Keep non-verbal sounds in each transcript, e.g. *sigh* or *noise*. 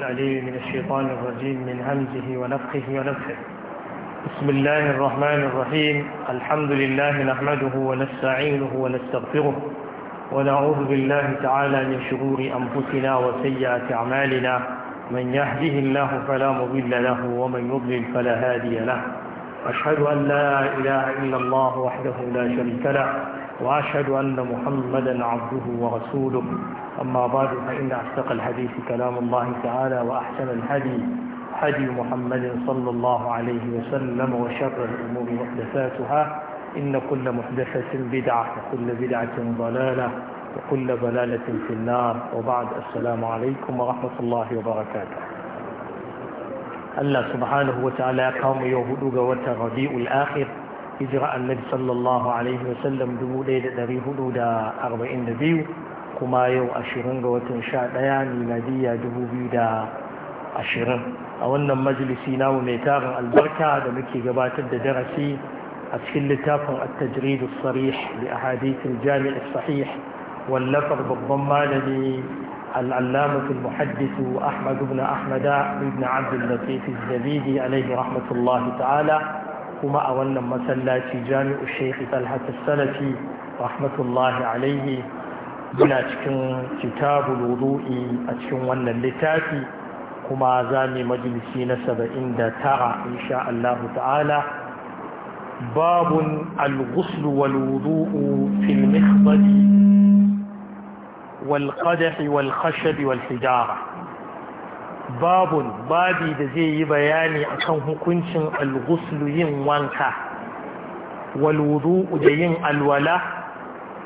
الأليم من الشيطان الرجيم من همزه ونفخه ونفخه بسم الله الرحمن الرحيم الحمد لله نحمده ونستعينه ونستغفره ونعوذ بالله تعالى من شرور أنفسنا وسيئات أعمالنا من يهده الله فلا مضل له ومن يضلل فلا هادي له أشهد أن لا إله إلا الله وحده لا شريك له وأشهد أن محمدا عبده ورسوله أما بعد فإن أصدق الحديث كلام الله تعالى وأحسن الهدي هدي محمد صلى الله عليه وسلم وشر الأمور محدثاتها إن كل محدثة بدعة وكل بدعة ضلالة وكل ضلالة في النار وبعد السلام عليكم ورحمة الله وبركاته الله سبحانه وتعالى قام يهدوك وتربيء الآخر hijira annabi sallallahu alaihi wasallam 1442 kuma yau ashirin ga watan 11 miladiyya 2020 a wannan majalisi namu mai taron albarka da muke gabatar da darasi a cikin littafin at-tajrid as-sarih li ahadith al-jami' sahih wallafar babban malami العلامة المحدث أحمد بن أحمد بن عبد اللطيف الزبيدي عليه رحمة الله تعالى kuma a wannan masallaci jami'u shekhi talhata salafi rahmatullahi alaihi muna cikin kitabul wudu'i a cikin wannan littafi kuma za mu majalisi na saba'in da tara insha Allah ta'ala babun al wal wudu'u fil mikhbali wal qadh wal khashab wal hijara babun babi da zai yi bayani akan hukuncin alghuslu yin wanka walwudu da yin alwala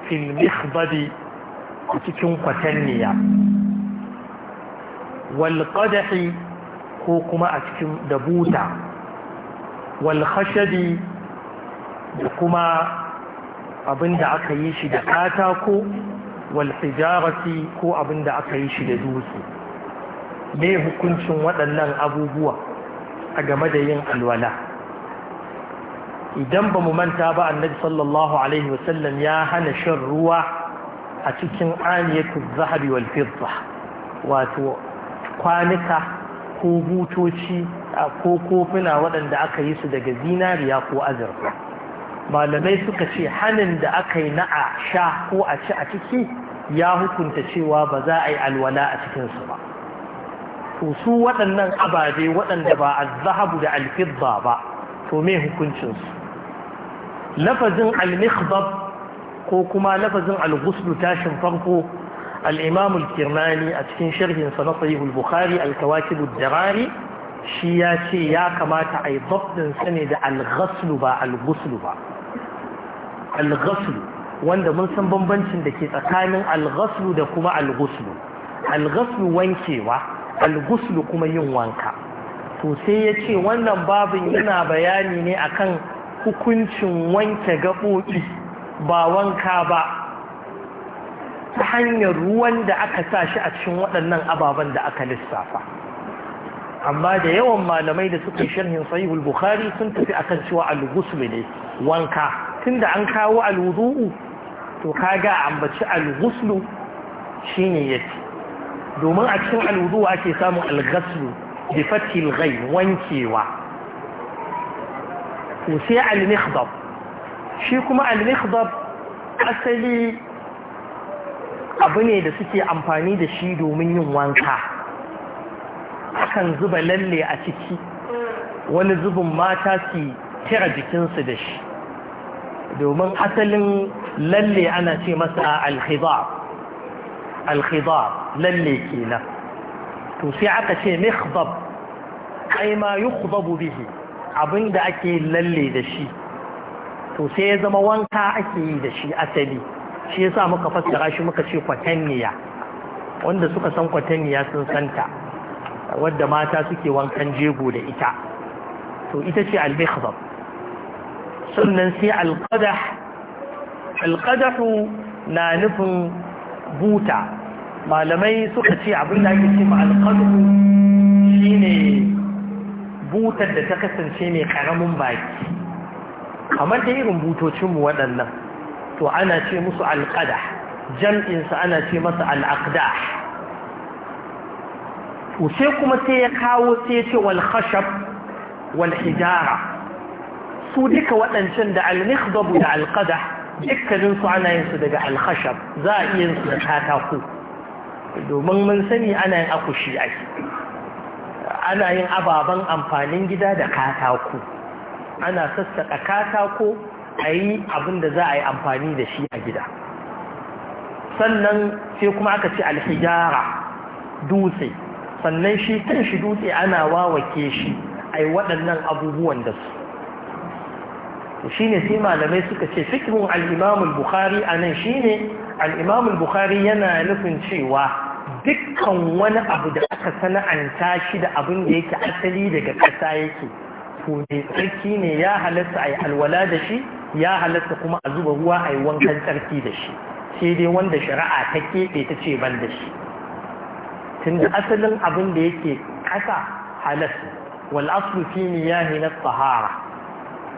fil mikhbadi cikin kwatanniya wal ko kuma a cikin da buta wal khashadi da kuma abinda aka yi shi da katako wal hijarati ko abinda aka yi shi da dutse me hukuncin waɗannan abubuwa a game da yin alwala idan ba mu manta ba annabi sallallahu alaihi wasallam ya hana shan ruwa a cikin aniyatul zahabi wal fidda wato kwanuka ko butoci ko kofuna waɗanda aka yi su daga zinariya ko azurfa malamai suka ce hanin da aka yi na a sha ko a ci a ciki ya hukunta cewa ba za a yi alwala a cikinsu ba to su waɗannan ababe waɗanda ba zahabu da alfidda ba to me hukuncinsu lafazin al-mikhdab ko kuma lafazin al-ghusl tashin farko al-imam al-kirmani a cikin sharhin sa na sahih al-bukhari al-kawakib ad-darari shi ya ce ya kamata ayi yi dabdin sa ne da al-ghasl ba al-ghusl ba al-ghasl wanda mun san bambancin da ke tsakanin al-ghasl da kuma al-ghusl al-ghasl wankewa al kuma yin wanka to sai ya ce wannan babin yana bayani ne akan hukuncin wanke gaɓoɓi ba wanka ba ta hanyar ruwan da aka sa shi a cikin waɗannan ababen da aka lissafa amma da yawan malamai da suka sharhin sahihul bukhari sun tafi akan cewa al ne wanka tunda an kawo al to kaga ambaci al shine yake domin a cikin alwudu ake samun algaslu da fatil ghai wankewa kose sai al shi kuma al-mikhdab asali abu ne da suke amfani da shi domin yin wanka akan zuba lalle a ciki wani zubin mata su tira jikinsu da shi domin asalin lalle ana ce masa al-khidab al-khidab lalle kenan to sai aka ce mikhdab kai ma yukhdabu bihi abinda ake lalle da shi to sai ya zama wanka ake yi da shi asali shi yasa muka fassara shi muka ce kwatanniya wanda suka san kwatanniya sun santa wadda mata suke wankan jego da ita to ita ce al-mikhdab sannan sai al-qadah al-qadah na nufin buta malamai suka ce abin da ake ce ma'alƙalmu shi ne butar da ta kasance mai ƙaramin baki kamar da irin butocinmu waɗannan to ana ce musu alƙada jam'insa ana ce masa al'aqda to sai kuma sai ya kawo sai ya ce wal khashab su duka waɗancan da al da alƙada qadah dukkaninsu ana yin su daga alhashab za a iya yin su da katako domin mun sani ana yin akushi a ana yin ababen amfanin gida da katako ana sassaƙa katako a yi abin da za a yi amfani da shi a gida sannan sai kuma aka ce alhijara dutse sannan shi kan shi dutse ana wawake shi a yi waɗannan abubuwan da su shi ne sai malamai suka ce fikirin al'imamun bukhari a nan shi ne al al-bukhari yana nufin cewa dukkan wani abu da aka sana'anta shi da abin da yake asali daga ƙasa yake to ne tsarki ne ya halatta a yi alwala da shi ya halatta kuma a zuba ruwa a yi wankan tsarki da shi sai dai wanda shari'a ta keɓe ta ce ban da shi tun da asalin abin da yake ƙasa halas wal aslu fi niyahi na sahara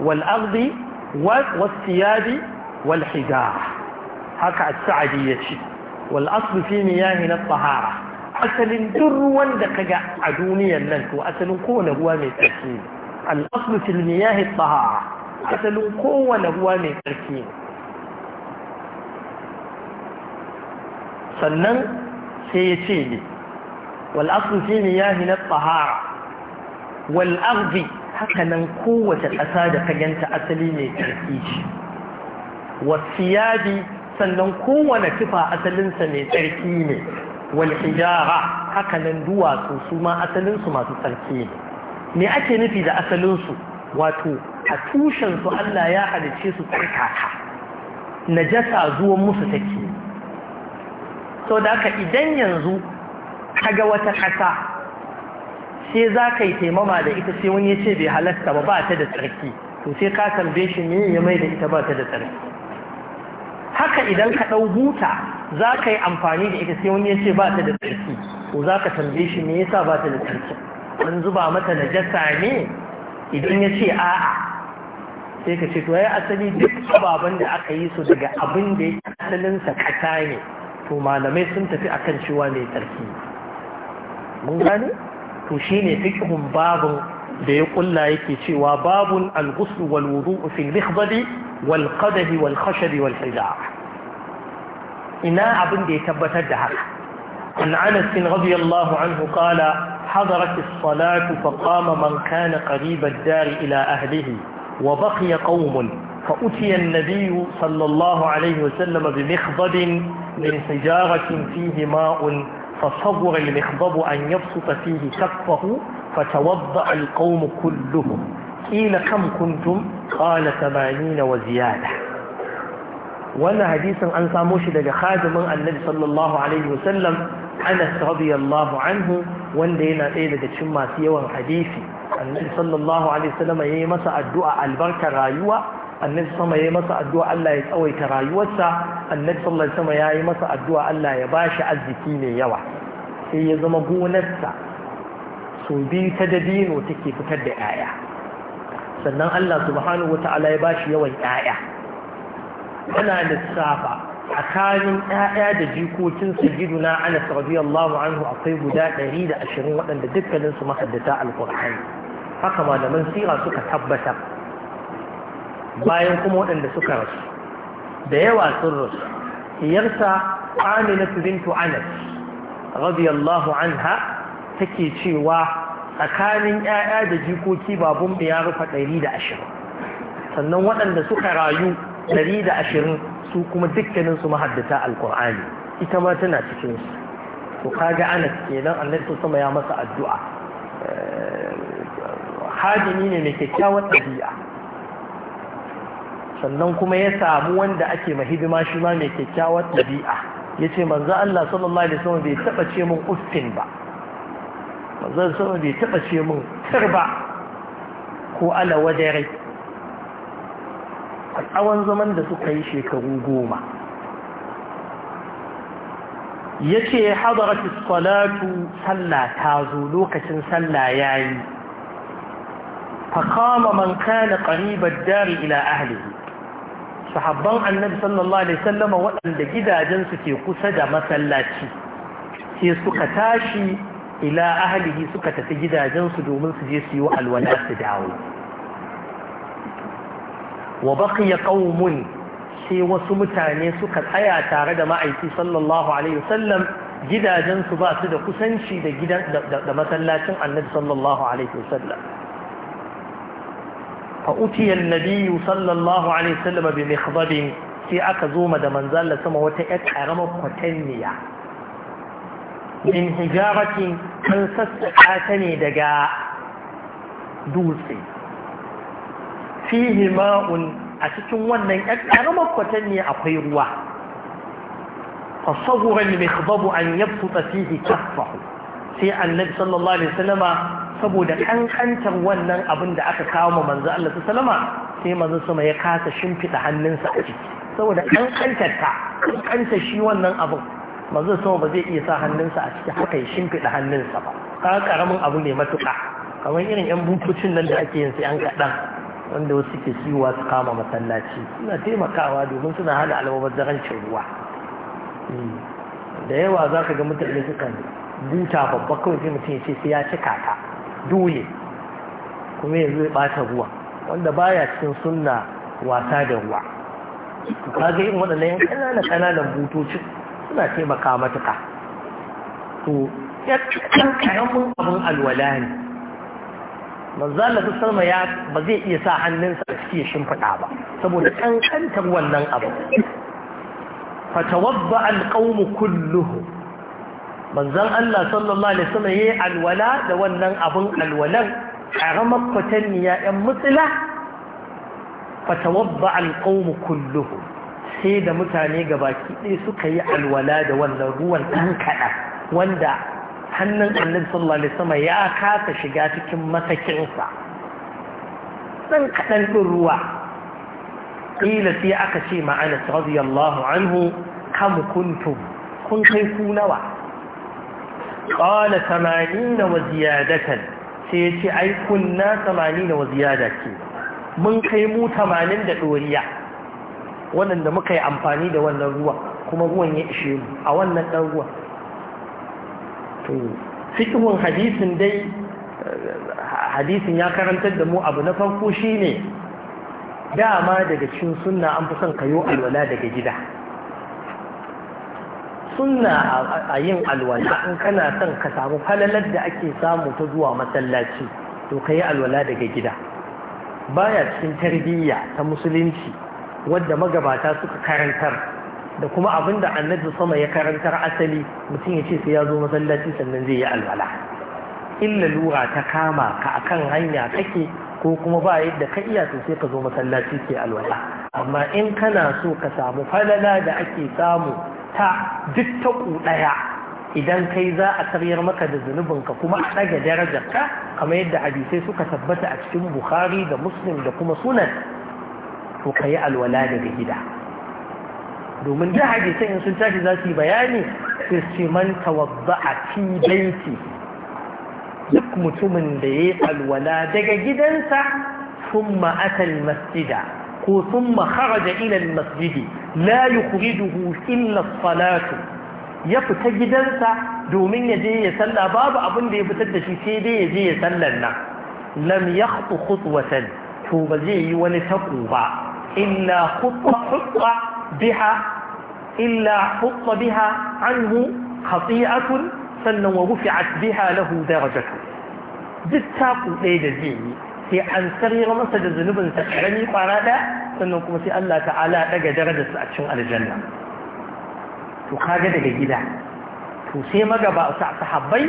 wal ardi wal siyabi wal hijara haka as-sa'di ya ce aslu fi miyahin at-tahara asalin duk ruwan da ga a duniyar nan to asalin kowane ruwa mai tsarki ne al aslu fil miyahi at asalin kowane ruwa mai tsarki ne sannan sai yace ne wal aslu fi miyahin at-tahara wal haka nan kowace ƙasa da ta ganta asali mai tsarki ce wasiyabi sannan kowane tufa asalinsa mai tsarki ne wal hijara haka nan duwatsu su ma asalinsu masu tsarki ne me ake nufi da asalinsu wato a tushensu Allah ya halice su tsarkaka najasa zuwan musu take sau da aka idan yanzu kaga wata ƙasa sai za taimama da ita sai wani ya ce bai halasta ba ba ta da tsarki to sai ka tambaye shi me ya mai da ita ba ta da tsarki idan ka ɗau buta za ka yi amfani da ita sai wani ya ce ba ta da tsarki ko za ka tambaye shi me yasa ba ta da tsarki an zuba mata najasa ne idan ya ce a'a sai ka ce to ya asali duk ababen da aka yi su daga abin da ya asalinsa kasa ne to malamai sun tafi akan cewa mai tsarki mun gane to shine fiqhun babun da ya kulla yake cewa babun al wal wudu' fi al wal qadahi wal khashab wal hijab ina abin da ya tabbatar da haka an anas bin radiyallahu anhu qala hadarat as-salatu fa qama man kana qariba ad-dar ila ahlihi wa baqiya qaumun fa utiya an-nabiy sallallahu alayhi wa sallam bi mikhdab min hijaratin fihi ma'un fa sabura al-mikhdab an yabsuta fihi kaffahu فتوضأ القوم كلهم قيل كم كنتم قال ثمانين وزيادة wannan hadisin an samo shi daga khadimin annabi sallallahu alaihi wasallam anas radiyallahu anhu wanda yana ɗaya daga cikin masu yawan hadisi annabi sallallahu alaihi wasallam yayi masa addu'a albarka rayuwa annabi sama yayi masa addu'a Allah ya tsawaita rayuwarsa annabi sallallahu alaihi wasallam yayi masa addu'a Allah ya bashi arziki mai yawa sai ya zama gonarsa so biyu ta dabino take fitar da 'ya'ya sannan Allah subhanahu wa ta'ala ya bashi yawan 'ya'ya yana lissafa tsakanin ƴaƴa da jikokin na Anas radiyallahu anhu akwai guda 120 waɗanda dukkanin su mahaddata alqur'ani haka malaman sira suka tabbata bayan kuma waɗanda suka rasu da yawa sun rasu iyarsa Aminatu bintu Anas radiyallahu anha take cewa tsakanin ƴaƴa da jikoki babun ya rufa 120 sannan waɗanda suka rayu ɗari da ashirin su kuma dukkaninsu mahaddata alƙur'ani ita ma tana cikinsu to kaga anas kenan annabi sama ya masa addu'a eh, hadimi ne mai kyakkyawar ɗabi'a sannan kuma ya samu wanda ake mahidima shi ma mai kyakkyawar ɗabi'a ya ce manzo Allah sallallahu alaihi wasallam bai taɓa ce min uffin ba manzo sallallahu bai taɓa ce min kar ba ko ala wadare a tsawon zaman da suka yi shekaru goma ya ce salatu sallah ta zo lokacin sallah ya yi faƙama man kana ƙaribar dari ila ahlihi sahabban annabi sallallahu alaihi sallama waɗanda gidajensu ke kusa da masallaci sai suka tashi ila ahlihi suka tafi gidajensu domin su je su yi alwala su dawo wa baqiya qaumun sai wasu mutane suka tsaya tare da ma'aiki sallallahu alaihi wasallam gidajen su ba su da kusanci da gidan da masallacin annabi sallallahu alaihi wasallam fa utiya annabi sallallahu alaihi wasallam bi mikhdabin sai aka zo da manzon sama wata ƴar karamar kwatanniya min hijaratin kan sassaƙa ta ne daga dutse fihi ma'un a cikin wannan ƙaramar kwatanni akwai ruwa fasahura al-mikhdab an yabsuta fihi kaffahu sai annabi sallallahu alaihi wasallama saboda kankantar wannan abin da aka kawo ma manzo Allah sallama sai manzo sama ya kasa shimfida hannunsa a ciki saboda kankantar ta kankantar shi wannan abin manzo sama ba zai iya sa hannunsa a ciki haka ya shimfida hannunsa ba ka karamin abu ne matuƙa kamar irin yan bututun nan da ake yin sai an kaɗan wanda wasu ke siwa su kama masallaci suna taimakawa domin suna hana zarancin ruwa da yawa za ka ga mutane sukan buta babba kawai sai mutum ya ce sai ya cika ta dole kuma yanzu ya bata ruwa wanda baya cikin sunna wasa da ruwa ka ga yin waɗannan yan ƙananan ƙananan butocin suna taimaka matuka. to ya ƙaramin abin alwala ne manzo Allah sallama ya ba zai iya sa hannunsa a cikin shimfiɗa ba saboda kankantar wannan abu fatawabba alqawmu kulluhu manzon Allah sallallahu alaihi wasallam yayi alwala da wannan abun alwalan karamar kwatanniya ɗan mutsila fatawabba alqawmu kulluhu sai da mutane gabaki ɗaya suka yi alwala da wannan ruwan ɗan kaɗan wanda hannun annabi sallallahu alaihi wasallam ya kasa shiga cikin masakinsa dan kadan din ruwa kila sai aka ce ma Anas radiyallahu anhu kam kuntum kun kai ku nawa qala 80 wa ziyadatan sai ya ce ai kunna 80 wa ziyada ce mun kai mu 80 da doriya wannan da muka yi amfani da wannan ruwa kuma ruwan ya ishe mu a wannan dan ruwan fikihun hadisin dai hadisin ya karantar da mu abu na farko shine dama daga cikin sunna an fi son kayo alwala daga gida sunna a yin alwala in kana son ka samu falalar da ake samu ta zuwa masallaci to ka kayi alwala daga gida baya cikin tarbiyya ta musulunci wadda magabata suka karantar da kuma abin da annabi sama ya karantar asali mutum ya ce sai ya zo masallaci sannan zai yi alwala illa lura ta kama ka akan hanya kake ko kuma ba yadda ka iya to sai ka zo masallaci ke alwala amma in kana so ka samu falala da ake samu ta duk ta ɗaya idan kai za a karyar maka da zunubin ka kuma a ɗaga darajarka kamar yadda hadisai suka tabbata a cikin bukhari da muslim da kuma sunan to ka yi alwala daga gida domin da hadisan in sun tashi za su yi bayani sai su ce man tawadda'a fi baiti duk mutumin da ya yi alwala daga gidansa sun ma'atal masjida ko sun kharaja ila masjidi la yukhrijuhu illa salatu ya fita gidansa domin ya je ya salla babu abin da ya fitar da shi sai dai ya je ya sallar nan lam yakhtu khutwatan to ba zai yi wani taku ba illa khutwa khutwa biha illa hutta biha anhu khati'atun sannan wa rufi'at biha lahu daraja duk taku ɗaya da zai yi sai an sarira masa da zunubin sa karami kwara ɗaya sannan kuma sai Allah ta'ala daga su a cikin aljanna to kaga daga gida to sai magaba sahabbai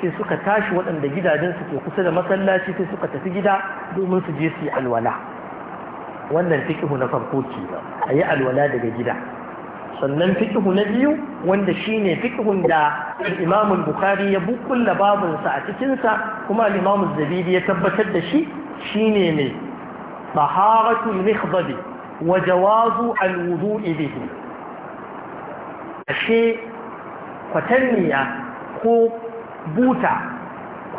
sai suka tashi waɗanda gidajensu ke kusa da masallaci sai suka tafi gida domin su je su yi alwala wannan fikihu na farko ce a yi alwala daga gida sannan fikihu na biyu wanda shi ne fikihun da imamun bukhari ya bukulla babunsa a cikinsa kuma imamun zabidi ya tabbatar da shi Shi ne taharatul mikhdabi wa jawazu alwudu'i bihi ashe kwatanniya ko buta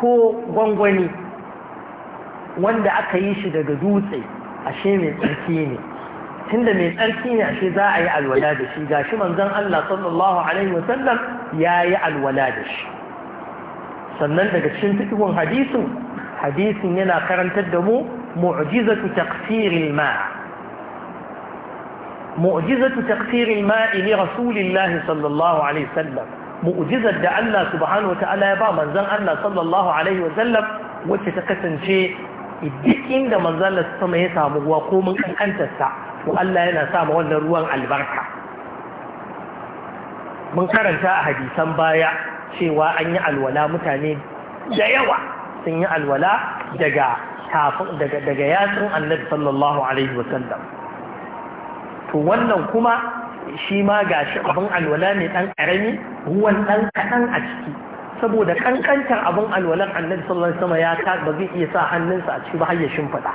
ko gwangwani wanda aka yi shi daga dutse ashe mai tsarki ne tunda mai tsarki ne ashe za a yi alwala da shi gashi manzon Allah sallallahu alaihi wasallam ya yi alwala da shi sannan daga cikin fikihun hadisin hadisin yana karantar da mu mu'jizatu taqsiril ma' mu'jizatu taqsiril ma'i li rasulillahi sallallahu alaihi wasallam mu'jizar da Allah subhanahu wataala ya ba manzon Allah sallallahu alaihi wasallam wacce ta kasance duk inda manzala sama ya samu ruwa ko mun kankantarsa to Allah yana sa ma wannan ruwan albarka mun karanta a hadisan baya cewa an yi alwala mutane da yawa sun yi alwala daga daga daga yatsun annabi sallallahu alaihi wasallam to wannan kuma shi ma gashi abin alwala ne dan karami ruwan dan kadan a ciki saboda kankantar abin alwalar annabi sallallahu alaihi wasallam ya ta ba zai iya sa hannunsa a ciki ba har ya shimfiɗa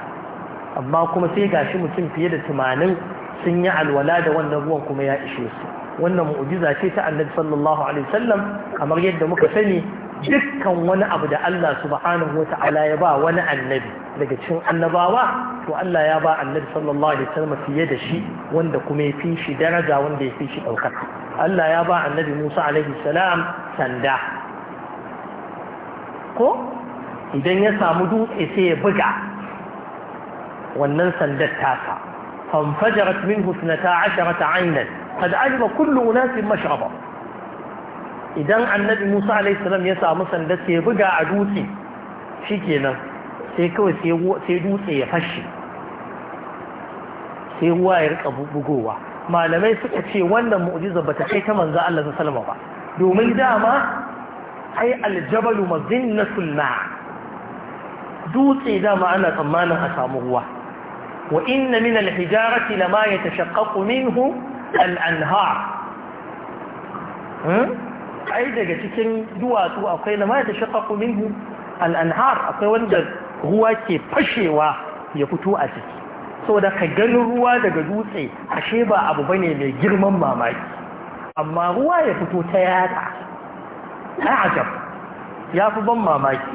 amma kuma sai gashi mutum fiye da tumanin sun yi alwala da wannan ruwan kuma ya ishe su wannan mu'jiza ce ta annabi sallallahu alaihi wasallam kamar yadda muka sani dukkan wani abu da Allah subhanahu wa ta'ala ya ba wani annabi daga cikin annabawa to Allah ya ba annabi sallallahu alaihi wasallam fiye da shi wanda kuma ya fi shi daraja wanda ya fi shi ɗaukar. Allah ya ba annabi Musa alaihi salam sanda ko idan ya samu dutse sai ya buga wannan sandar tasa fanfajarat min husnata asharata ainan kad ajiba kullu unasin mashraba idan annabi musa salam ya samu sandar sai ya buga a dutse shikenan sai kawai sai dutse ya fashe sai ruwa ya rika bugowa malamai suka ce wannan mu'jiza bata kai ta manzo Allah sallallahu alaihi wasallam ba domin dama ai aljabalu mazinnatul ma dutse dama ana tsammanin a samu ruwa wa inna min alhijarati lama yatashaqqaqu minhu al hmm? ai daga cikin duwatsu akwai lama yatashaqqaqu minhu al'anhar, anhar akwai wanda ruwa ke fashewa ya fito a ciki saboda ka ganin ruwa daga dutse ashe ba abu bane mai girman mamaki amma ruwa ya fito ta yatsa a'ajab ya fi ban mamaki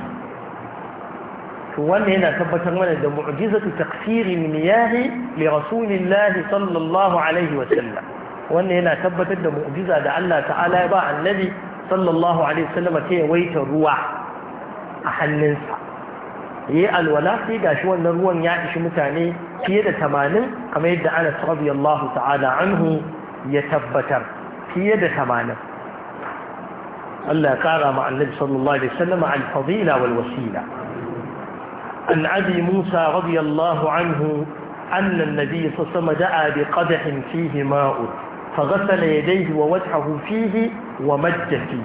to yana tabbatar mana da mu'jizatu taqsiri miyahi li rasulillah sallallahu alaihi wa sallam wannan yana tabbatar da mu'jiza da Allah ta'ala ya ba annabi sallallahu alaihi wa sallam ta yawaita ruwa a hannunsa yayi alwala sai shi wannan ruwan ya ishi mutane fiye da 80 kamar yadda Anas radiyallahu ta'ala anhu ya tabbatar fiye da 80 ألا تعالى مع النبي صلى الله عليه وسلم عن الفضيلة والوسيلة عن أبي موسى رضي الله عنه أن النبي صلى الله عليه وسلم دعا بقدح فيه ماء فغسل يديه ووجهه فيه ومد فيه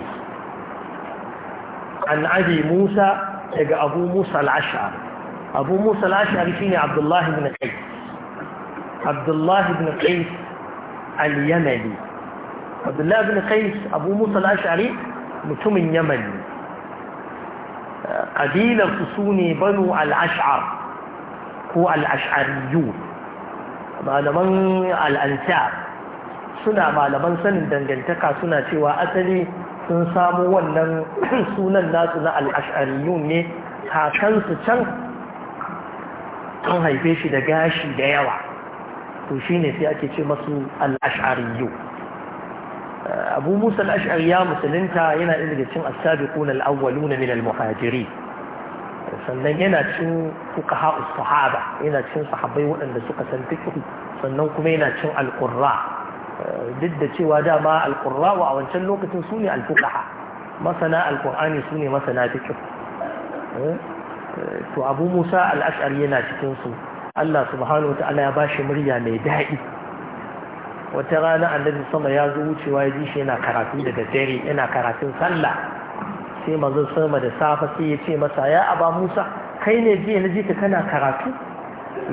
عن أبي موسى إجا أبو موسى العشعر أبو موسى العشعر فيني عبد الله بن قيس عبد الله بن قيس اليمني عبد الله بن قيس أبو موسى الأشعري mutumin yaman ne ƙabilarsu su ne banu al'ash'ar ko al'ash'ariyu malaman al’ansha suna malaman sanin dangantaka suna cewa asali sun samu wannan *clears throat* sunan nasu na al'ash'ariyu ne kakansu can an haife shi da gashi da yawa to shi ne sai ake ce masu al'ash'ariyu abu musa al-ash'ari ya musulunta yana ɗaya daga cikin as-sabiqun al-awwalun min al-muhajirin sannan yana cin fuqaha as-sahaba yana cin sahabbai waɗanda suka san fiqh sannan kuma yana cin al duk da cewa dama al-qurra wa a wancan lokacin su ne al-fuqaha masana al su ne masana fiqh eh? to abu musa al-ash'ari yana cikinsu. Allah subhanahu wa ta'ala ya bashi murya mai daɗi wata rana annabi sama ya zo wucewa ya ji shi yana karatu da daddare yana karatun sallah sai manzo sama da safa sai ya ce masa ya aba musa kai ne jiya na ji ka kana karatu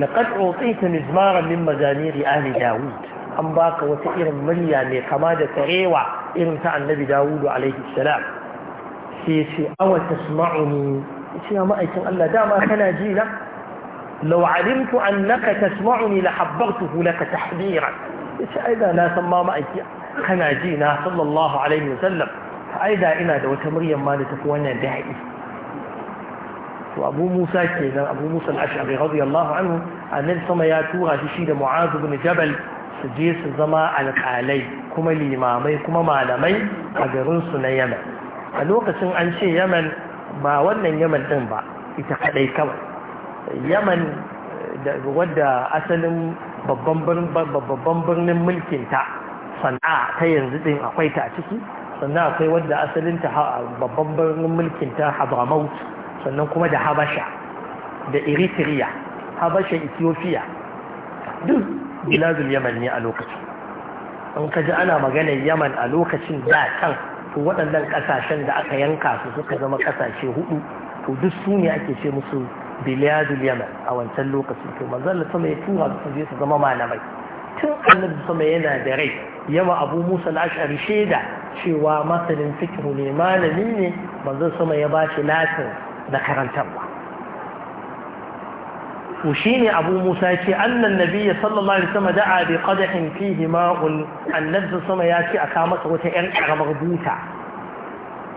laqad utita mizmaran min mazamiri ali dawud an baka wata irin murya mai kama da tarewa irin ta annabi dawudu alaihi salam sai ya ce awa tasma'uni ce ya ma'aikin Allah dama kana ji na لو علمت أنك تسمعني hulaka لك تحذيرا yace ai da na san ma ma'aiki kana ji na sallallahu alaihi wasallam ai da ina da wata muryar ma da tafi wannan da'i to abu musa kenan abu musa al-ash'ari radiyallahu anhu annabi sama ya tura shi shi da mu'adh ibn jabal su je su zama alƙalai kuma limamai kuma malamai a garin su na yaman a lokacin an ce yaman ba wannan yaman din ba ita kadai kawai yaman wadda asalin babban birnin mulkinta sana'a ta yanzu din akwai ta a ciki sannan akwai wadda asalinta babban birnin ta hadramaut sannan kuma da habasha da eritrea habasha ethiopia duk biladul yaman ne a lokacin an ka ji ana maganar yaman a lokacin da can to waɗannan ƙasashen da aka yanka su suka zama ƙasashe hudu to duk su ne ake ce musu biladul yaman a wancan lokaci to manzon sama ya tura su je su zama malamai tun annabi sama yana da rai yawa abu musa al-ash'ari shaida cewa masanin fikihu ne malami ne manzon sama ya ba shi latin da karantarwa to shine abu musa ce annan nabiyyi sallallahu alaihi wasallam da'a bi qadahin fihi ma'un annabi sama ya ce kama masa wata yan karamar buta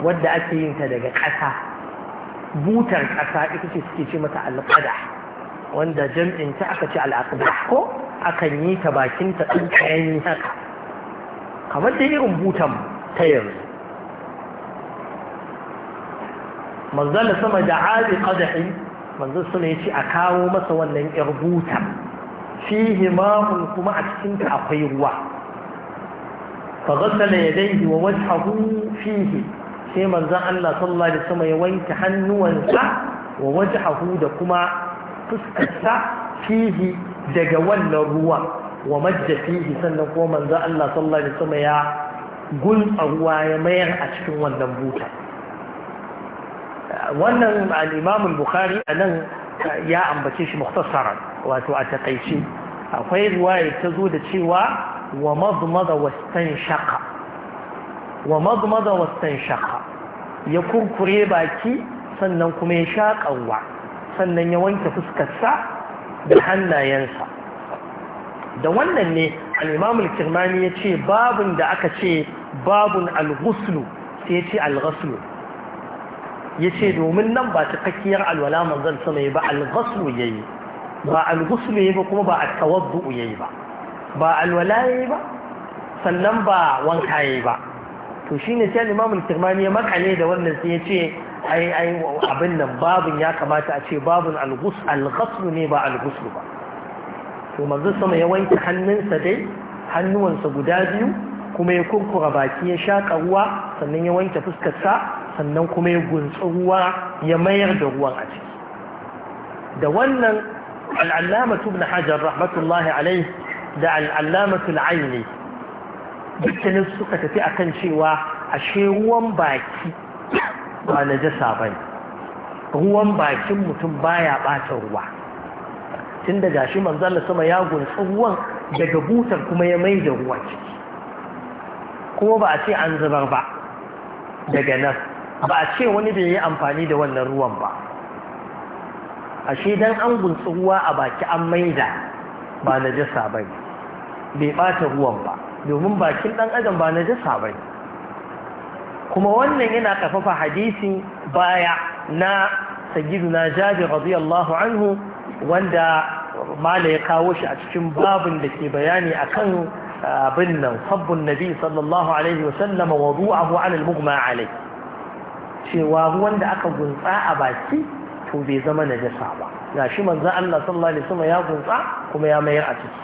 wadda ake yin ta daga ƙasa butar ƙasa ita ce suke ce mata alƙada wanda jam'in ta aka ce al'aqda ko akan yi ta bakin ta ɗin kayan haka kamar da irin butan ta yanzu manzala sama da ali qadahi manzo sama yace a kawo masa wannan 'yar buta fihi ma'un kuma a cikin ta akwai ruwa fa ghassala yadayhi wa wajhahu fihi sai manzan Allah sallallahu alaihi wasallam ya wanke hannuwansa wa wajhahu da kuma fuskarsa fihi daga wannan ruwa wa majda fihi sannan kuma manzan Allah sallallahu alaihi wasallam ya gulma ruwa ya mayar a cikin wannan buta wannan al-Imam bukhari anan ya ambace shi mukhtasaran wato a takaice akwai ruwaya ta zo da cewa wa madmada wastanshaqa wa mazmaza wasan shaka ya kurkure baki sannan kuma ya shaƙawa sannan ya wanke fuskarsa da hannayensa da wannan ne al'imamul kirmani ya ce babin da aka ce babin al'uslu sai ya ce al'uslu ya ce domin nan ba ta cikakkiyar alwala manzan sama ya ba al'uslu ya yi ba al'uslu ya yi ba kuma ba al-tawaddu ya yi ba ba alwala ya yi ba sannan ba wanka ya yi ba to ne sai imamu al ya makale da wannan sai ya ce ai ai abin nan babun ya kamata a ce babun al ne ba al ba to manzo sama ya wanke hannunsa dai hannuwansa guda biyu kuma ya kurkura baki ya shaka ruwa sannan ya wanke fuskarsa sannan kuma ya ruwa ya mayar da ruwan a ciki da wannan al'allamatu ibn hajar rahmatullahi alaihi da al'allamatu al'aini dukkanin suka tafi a kan cewa ashe ruwan baki ba na jasa ba ne ruwan bakin mutum baya ɓata ruwa tun da gashi manzala sama ya gunsa ruwan daga butar kuma ya mai da ruwa ciki kuma ba a ce an zubar ba daga nan ba a ce wani bai yi amfani da wannan ruwan ba ashe dan an gunsa ruwa a baki an maida ba na jasa ba ne bai ɓata ruwan ba domin bakin ɗan adam ba na jasa ba kuma wannan yana kafafa hadisi baya na sayyiduna jabir radiyallahu anhu wanda mala ya kawo shi a cikin babin da ke bayani akan ah, abin nan sabbin nabi sallallahu alaihi wasallam wadu'ahu ala al alai cewa wanda aka gunsa a baki to bai zama na najasa ba gashi manzo Allah sallallahu alaihi wasallam ya gunsa kuma ya mayar a ciki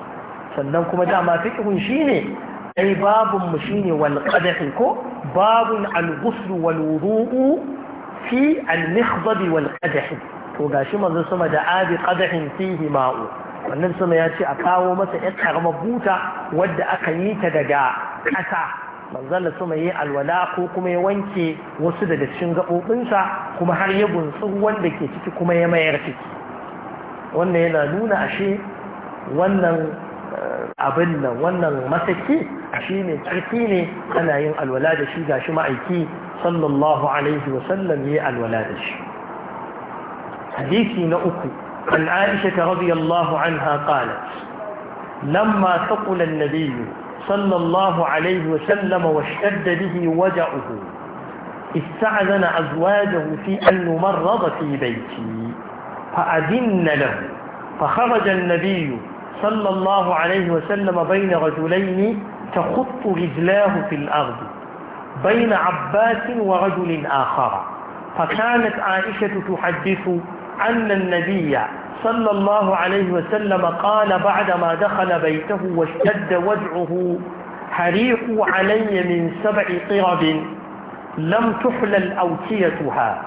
sannan kuma dama fiqhun shine ai babun mu shine wal qadahi ko babun al ghusl wal wudu fi al mikhdab wal qadahi to gashi manzo sama da abi qadahin fihi ma'u wannan sama ya ce a kawo masa yar karamar buta wadda aka yi ta daga ƙasa da sama yi alwala ko kuma ya wanke wasu daga cikin gaɓoɓinsa kuma har ya gunsu wanda ke ciki kuma ya mayar ciki wannan yana nuna ashe wannan abin wannan masaki shi ne tsarki ne ana yin alwala da shi gashi ma'aiki sallallahu alaihi wasallam ya yi alwala da shi hadisi na uku an aisha radiyallahu anha qalat لما ثقل uku. صلى الله عليه وسلم واشتد به وجعه استعذن أزواجه في أن يمرض في بيتي فأذن له فخرج النبي صلى الله عليه وسلم بين رجلين تخط رجلاه في الأرض بين عباس ورجل آخر فكانت عائشة تحدث أن النبي صلى الله عليه وسلم قال بعدما دخل بيته واشتد وجعه حريق علي من سبع طرب لم تحلل أوتيتها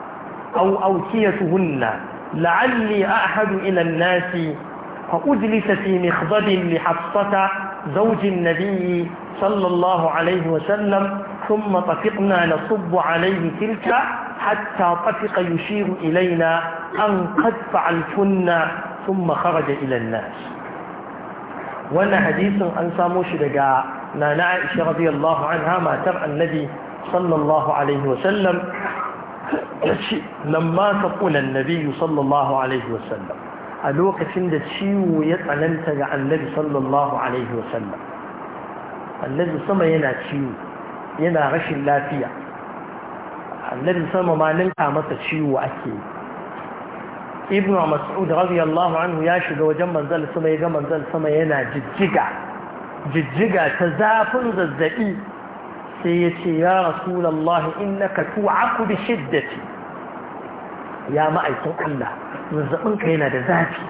أو أوتيتهن لعلي أعهد إلى الناس فأجلس في مخضب لحفصة زوج النبي صلى الله عليه وسلم ثم طفقنا نصب عليه تلك حتى طفق يشير إلينا أن قد فعلتن ثم خرج إلى الناس وانا حديث أن ساموش دقاء نانا عائشة رضي الله عنها ما ترى النبي صلى الله عليه وسلم لما تقول النبي صلى الله عليه وسلم a lokacin da ciwo ya tsananta ga annabi sallallahu alaihi wasallam annabi sama yana ciwo yana rashin lafiya annabi sama ma ninka masa ciwo ake yi ibn mas'ud radiyallahu anhu ya shiga wajen manzal sama ya ga manzal sama yana jijjiga jijjiga ta zafin zazzabi sai ya ce ya rasulullahi innaka tu'aku bi shiddati ya ma'aikin Allah zazzabin ka yana da zafi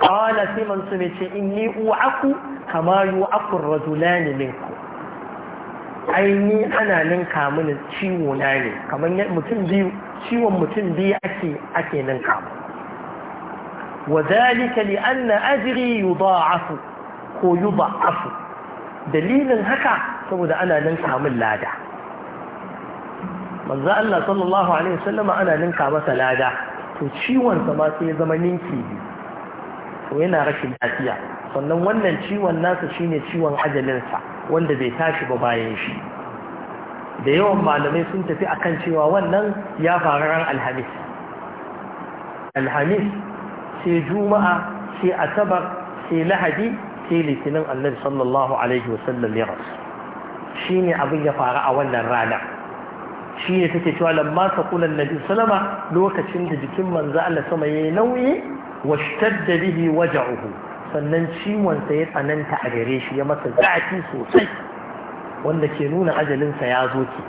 qala sai manzo ne ce inni u'aku kama yu'aku ar-rajulani minku ai ni ana ninka mini ciwo na ne kamar mutum biyu ciwon mutum biyu ake ake ninka mu وذلك لأن أجري يضاعف ko yi ba afu dalilin haka saboda ana ninka samun lada manzo Allah sallallahu alaihi wasallam ana ninka masa lada to ciwon sa ma sai zama ninki to yana rashin lafiya sannan wannan ciwon nasa shine ciwon ajalin sa wanda bai tashi ba bayan shi da yawan malamai sun tafi akan cewa wannan ya faru ran alhamis alhamis sai juma'a sai asabar sai lahadi sai litinin annabi sallallahu alaihi wasallam ya rasu shine abin ya faru a wannan rana shi ne take cewa lamma saqulan nabi Salama, lokacin da jikin manzo Allah sama yayi nauyi washtadda bihi waj'uhu sannan ciwon sa ya tsananta a gare shi ya masa zafi sosai wanda ke nuna ajalin sa ya zo ki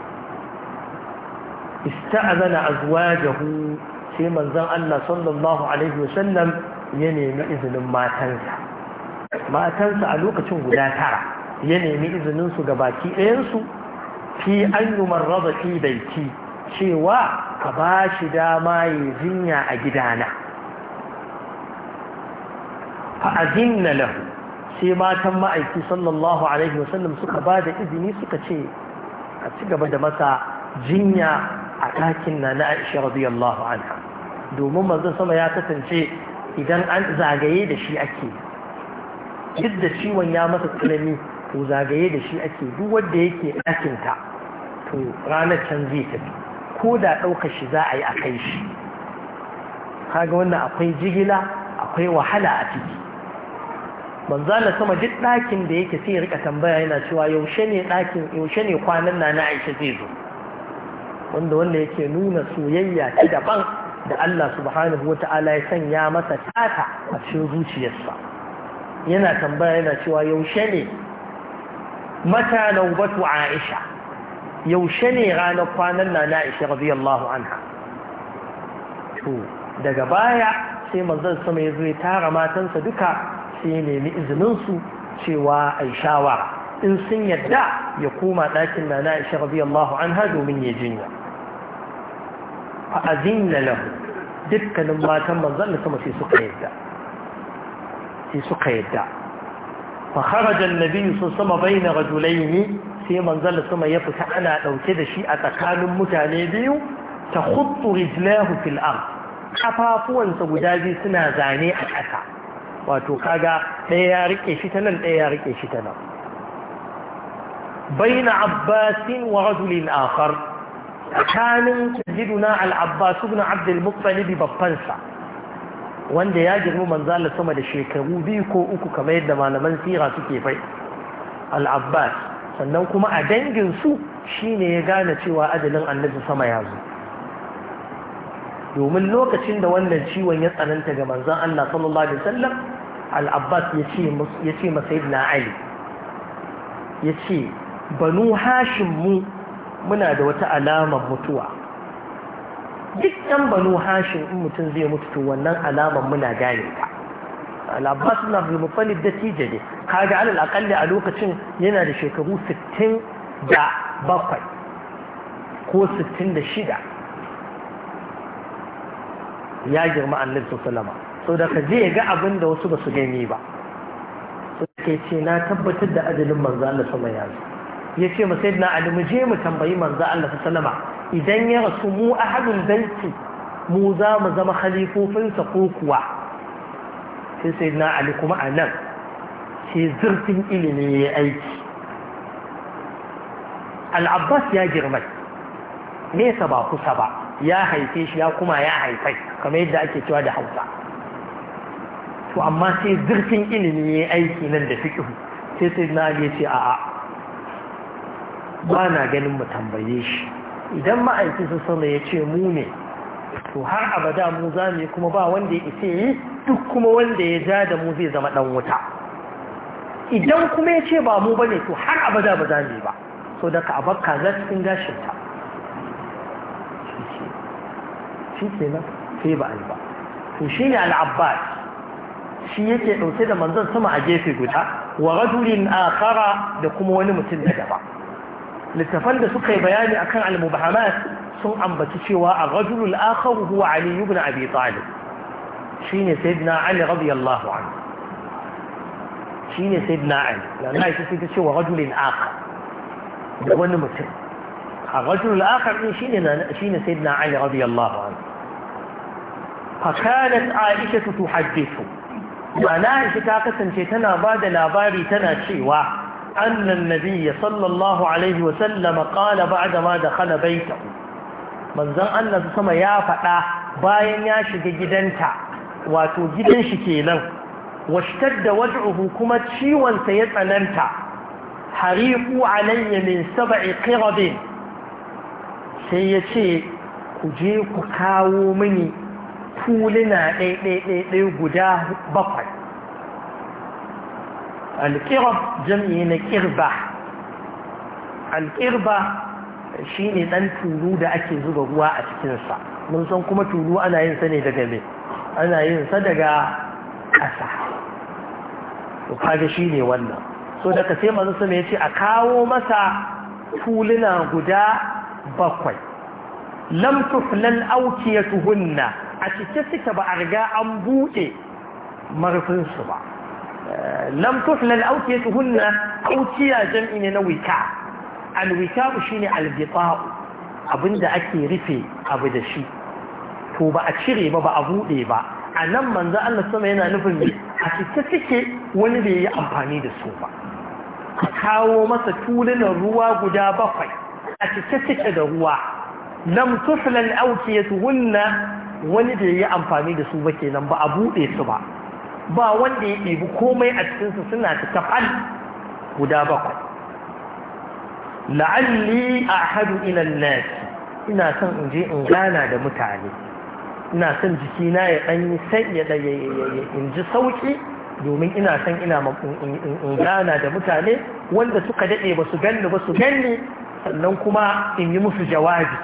ista'zana azwajahu sai manzon Allah sallallahu alaihi wasallam ya nemi izinin matansa matansa a lokacin guda tara ya nemi izinin su ga baki ɗayan su fi an marraba fi baiti cewa ka ba shi dama ya jinya a gidana fa azinna lahu sai matan ma'aiki sallallahu alaihi wasallam suka ba da izini suka ce a ci gaba da masa jinya a ɗakin na na aisha radiyallahu anha domin manzon sama ya kasance idan an zagaye da shi ake duk da ciwon ya masa tsanani ko zagaye da shi ake duk wanda yake ɗakinta to ranar can zai tafi ko da ɗaukar shi za a yi a kai shi kaga wannan akwai jigila akwai wahala a ciki manzala sama duk ɗakin da yake sai ya rika tambaya yana cewa yaushe ne ɗakin yaushe ne kwanan na na aisha zai zo wanda wanda yake nuna soyayya ta daban da Allah subhanahu wa ta'ala ya sanya masa tata a cikin zuciyarsa yana tambaya yana cewa yaushe ne mata naubatu aisha yaushe ne ranar kwanan na na'ishe radiyallahu anha to daga baya sai manzon sama ya zo tara matansa duka sai ya nemi izininsu cewa ai shawara in sun yadda ya koma ɗakin na na'ishe radiyallahu anha domin ya jinya na lahu dukkanin matan manzon sama sai suka yadda sai suka yadda fa kharaja annabi sallallahu alaihi wasallam bayna rajulaini sai manzala sama ya fita ana ɗauke da shi a tsakanin mutane biyu ta hutu rijlahu fil ard kafafuwansa guda biyu suna zane a ƙasa wato kaga ɗaya ya rike shi ta nan ɗaya ya rike shi ta nan baina abbasin wa rajulin akhar tsakanin jiduna al-abbas ibn abd al babbansa wanda ya girma manzala sama da shekaru biyu ko uku kamar yadda malaman sira suke fai al-abbas sannan kuma a dangin su shi ne ya gane cewa ajalin annabi sama ya zo domin lokacin da wannan ciwon ya tsananta ga manzon Allah sallallahu alaihi wasallam al ya ce masa na Ali ya ce banu hashinmu muna da wata alamar mutuwa duk ɗan banu Hashin in mutum zai mutu to wannan alamar muna gane ta al'abbas na abdul muttalib da tije kaga alal aqalli a lokacin yana da shekaru 60 da bakwai ko 66 ya girma annabi sallama so da ka je ga abin da wasu ba su gani ba sai ce na tabbatar da ajalin manzo Allah sama ya zo ya ce mu sayyidina ali mu je mu tambayi manzo Allah sallama idan ya rasu mu ahadul baiti mu za mu zama halifofinsa ko kuwa sai sai na ali kuma a nan sai zurfin ilimi ya aiki al'abbas ya girmai nesa ba kusa ba ya haife shi ya kuma ya haifai kamar yadda ake cewa da hausa to amma sai zurfin ilimi ya aiki nan da fiƙihu sai sai na ya ce a'a ba na ganin mu tambaye shi idan ma'aikinsa sama ya ce mu ne to har abada mu za mu yi kuma ba wanda ya isa yi duk kuma wanda ya ja da mu zai zama dan wuta idan kuma ya ce ba mu bane to har abada ba za mu ba so da ka abakka za cikin gashin ta shi ke nan sai ba alba to shi ne al'abbas shi yake ɗauke da manzon sama a gefe guda wa rajulin akhara da kuma wani mutum da gaba littafan da suka yi bayani akan al-mubahamat sun ambaci cewa a rajulul akharu huwa ali ibn abi talib شين سيدنا علي رضي الله عنه شين سيدنا علي لأن يعني لأنه يتسيد شو رجل آخر هو نمتر الرجل الآخر شين سيدنا علي رضي الله عنه فكانت عائشة تحدثه وأنا يعني عائشة تاقسم شيتنا بعد لا باري تنا شيوا أن النبي صلى الله عليه وسلم قال بعد ما دخل بيته من ذا أن نفسما يا فتاة باين يا شجي wato gidan shi kenan da waj'uhu kuma ciwon sa ya tsananta hariqu alayya min sab'i qiradin sai ya ce ku je ku kawo mini tuluna ɗaiɗaiɗaiɗai guda bakwai alƙirab jam'i na ƙirba alƙirba shi ne ɗan tulu da ake zuba ruwa a cikinsa mun san kuma tulu ana yin sa ne daga mai ana yin sa daga ƙasa to kaga ne wannan so daga sai manzo sama ce a kawo masa tuluna guda bakwai lam tuflan awkiyatuhunna a cike suka ba a riga an bude marfin su ba eh, lam tuflan awkiyatuhunna awkiya jam'i ne na wika alwika shine albita'u abinda ake rufe abu da shi to ba a cire ba ba a buɗe ba a nan manzo Allah sama yana nufin ne a cike cike wani ya yi amfani da su ba a kawo masa tulunan ruwa guda bakwai a cike cike da ruwa lam tuflan awkiyatuhunna wani ya yi amfani da su ba kenan ba a buɗe su ba ba wanda ya ɗebi komai a cikinsu suna ta tafal guda bakwai la'alli a hadu ilan nasi ina son in je in gana da mutane ina son jikina ya ɗan yi sai ya in ji sauƙi domin ina son ina in gana da mutane wanda suka daɗe ba su ganni ba su ganni sannan kuma in yi musu jawabi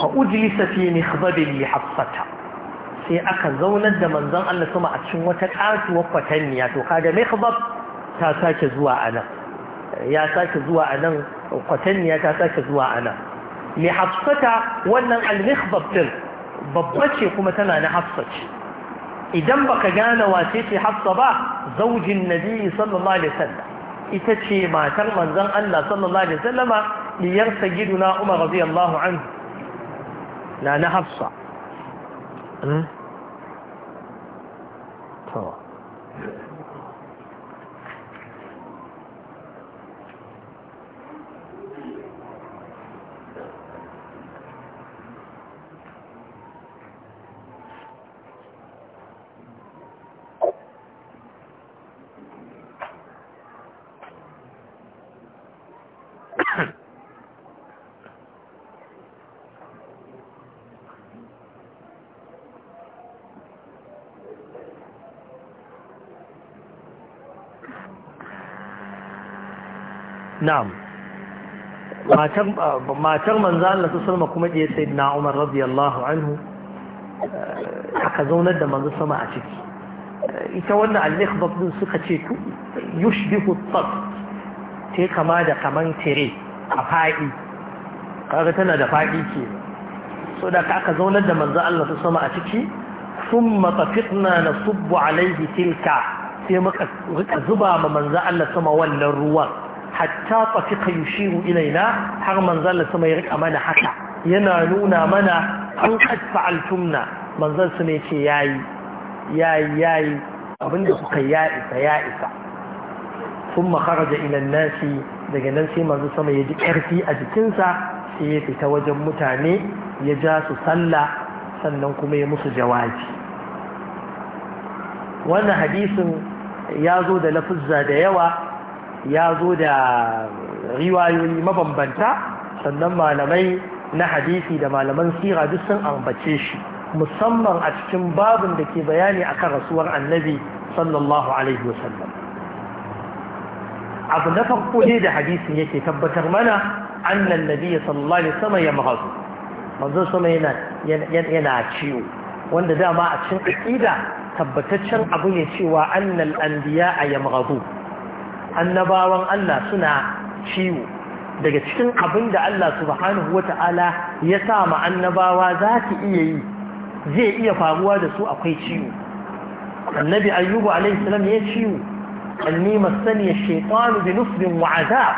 a ujlisa fi mikhbabin li hafsata sai aka zaunar da manzon Allah sama a cikin wata katuwar kwatanniya to kaga mikhbab ta sake zuwa anan ya sake zuwa anan kwatanniya ta sake zuwa anan mai hafsata wannan al-mikhbab din babba ce kuma tana na hafsa ce idan baka gane wace ce hafsa ba zaujin nabi sallallahu alaihi wasallam ita ce matar manzon Allah sallallahu alaihi wasallama diyar sayyiduna Umar radiyallahu anhu na na hafsa to na'am matar manzan Allah su salma kuma ɗaya sai na umar radiyallahu anhu eh, aka zaunar da manzo sama a ciki ita wannan al-ikhbab din suka ce ku yushbihu at-tab te kama da kaman tire a fadi kaga tana da fadi ke so da aka zaunar da manzo Allah su sama a ciki sun thumma tafiqna nasubbu alayhi tilka sai muka rika zuba ma manzo Allah sama wannan ruwan hatta tsafika yushiru ilaina har Allah su ya rika mana haka yana nuna mana an kad fa'altumna manzan su ne ce yayi yayi yayi abinda kuka ya isa ya isa kuma kharaja ila nasi daga nan sai manzo sama ya ji karfi a jikinsa sai ya fita wajen mutane ya ja su sallah sannan kuma ya musu jawabi wannan hadisin ya zo da lafuzza da yawa ya zo da riwayoyi mabambanta sannan malamai na hadisi da malaman sira duk sun ambace shi musamman a cikin babin da ke bayani akan rasuwar annabi sallallahu alaihi wasallam abu na farko ne da hadisin yake tabbatar mana annan nabi sallallahu alaihi wasallam ya mahazu manzon sama yana yana ciwo wanda dama a cikin aqida tabbataccen abu ne cewa annal anbiya ya mahazu annabawan Allah suna ciwo daga cikin abin da Allah subhanahu wata'ala ya sa ma annabawa za su iya yi zai iya faruwa da su akwai ciwo annabi ayyubu alaihi salam ya ciwo anni masani shaytanu bi nusbin wa azab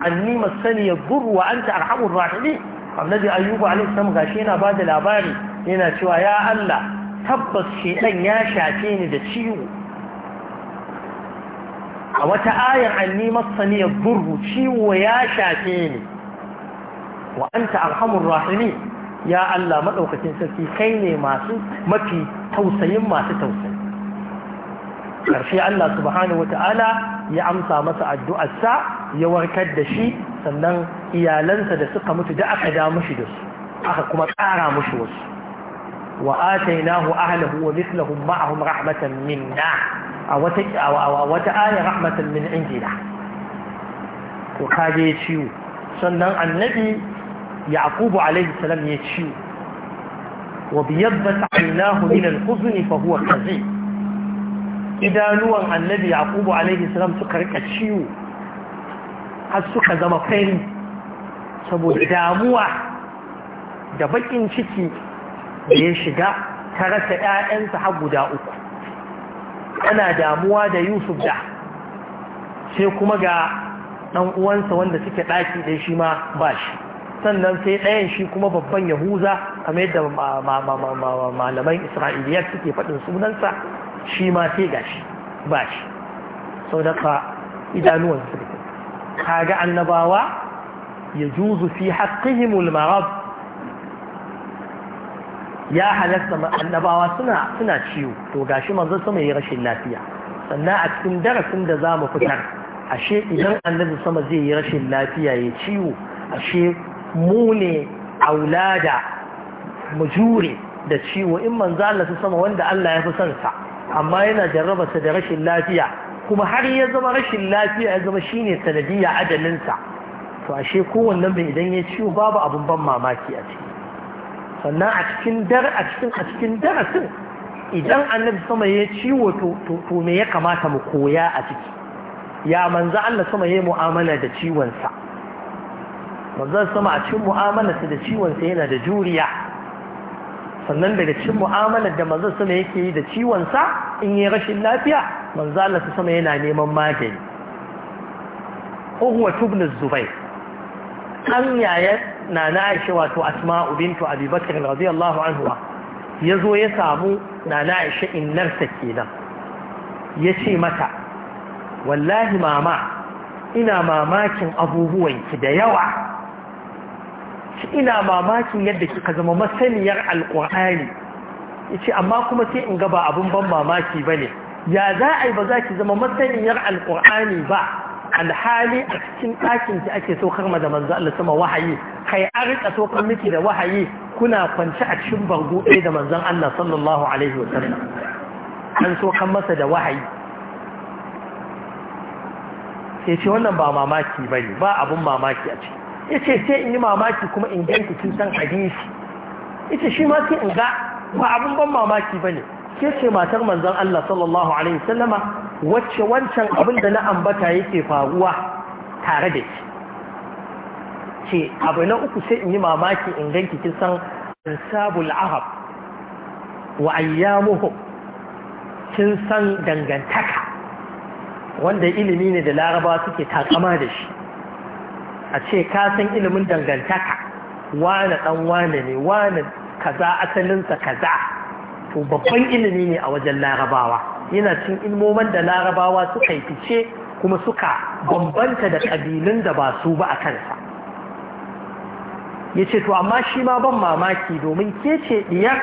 anni masani yadur wa anta arhamur rahimin annabi ayyubu alaihi salam gashi yana bada labari yana cewa ya Allah tabbas shaytan ya shafe ni da ciwo a wata ayar anni masani ya gurgu ciwo ya shafe ni wa anta arhamur rahimi ya Allah madaukakin sarki kai ne masu mafi tausayin masu tausayi karshe Allah subhanahu ta'ala ya amsa masa addu'arsa ya warkar da shi sannan iyalansa da suka mutu da aka da mushi da su aka kuma ƙara mushi wasu wa nahu ahlahu wa mithlahum ma'ahum rahmatan minna a wata a wata aya rahmatan min indina to ya ciwo sannan annabi Yakubu alaihi salam ya ciwo wa biyaddat aynahu min al-huzn fa idanuwan annabi Yakubu alaihi salam suka rika ciwo har suka zama fari saboda damuwa da bakin ciki da ya shiga ta rasa ƴaƴansa har guda uku ana damuwa da yusuf da sai kuma ga ɗan uwansa wanda suke ɗaki ɗaya shi ma ba shi sannan sai ɗayan shi kuma babban yahuza kamar yadda malaman isra'iliya suke faɗin sunansa shi ma sai ga shi ba shi sau da ka idanuwan su kaga annabawa ya juzu fi haƙƙihimul marab ya halatta annabawa suna suna ciwo to gashi manzon sama yi rashin lafiya sannan a cikin darasin da za mu fitar ashe idan annabi sama zai yi rashin lafiya ya ciwo ashe mu ne aulada mu jure da ciwo in manzo Allah su sama wanda Allah ya fi son sa amma yana jarraba sa da rashin lafiya kuma har ya zama rashin lafiya ya zama shine sanadiyya adalinsa to ashe kowannen mai idan ya ciwo babu abun ban mamaki a ciki sannan a cikin dar a cikin a cikin darasin idan annabi sama ya ciwo to me ya kamata mu koya a ciki ya manzo Allah sama ya mu'amala da ciwon sa manzo sama a cikin mu'amalarsa da ciwon sa yana da juriya sannan daga cikin mu'amalar da manzo sama yake yi da ciwon sa in yi rashin lafiya manzo Allah sama yana neman magani Uhwa ibn Zubayr an yayar. na na aisha wato asma'u bintu abi bakr radiyallahu anhu ya zo ya samu na na aisha innarsa kenan ya ce mata wallahi mama ina mamakin abubuwanki da yawa ina mamakin yadda kika zama masaniyar alƙur'ani yace amma kuma sai in ga ba abun ban mamaki bane ya za a yi ba za ki zama masaniyar alƙur'ani ba alhali a cikin ɗakin ake saukar ma da manzo Allah sama wahayi kai an rika tokan miki da wahayi kuna kwance a cikin bargo ɗaya da manzon Allah sallallahu alaihi wa sallam an sokan masa da wahayi sai ce wannan ba mamaki bane ba abun mamaki a ciki yace sai in yi mamaki kuma in ganki kin san hadisi yace shi ma sai in ga ba abun ban mamaki bane Ya ce matar manzon Allah sallallahu alaihi wasallama wacce wancan abin da na ambata yake faruwa tare da shi. ce abu na uku sai in yi mamaki in ganki kin san ansabul ahab wa ayyamuhu kin san dangantaka wanda ilimi ne da laraba suke takama da shi a ce ka san ilimin dangantaka wane dan wane ne wane kaza asalinsa kaza to babban ilimi ne a wajen larabawa yana cin ilmoman da larabawa suka yi fice kuma suka bambanta da ƙabilun da ba su ba a kansa ya ce to amma shi ma ban mamaki domin ke ce diyar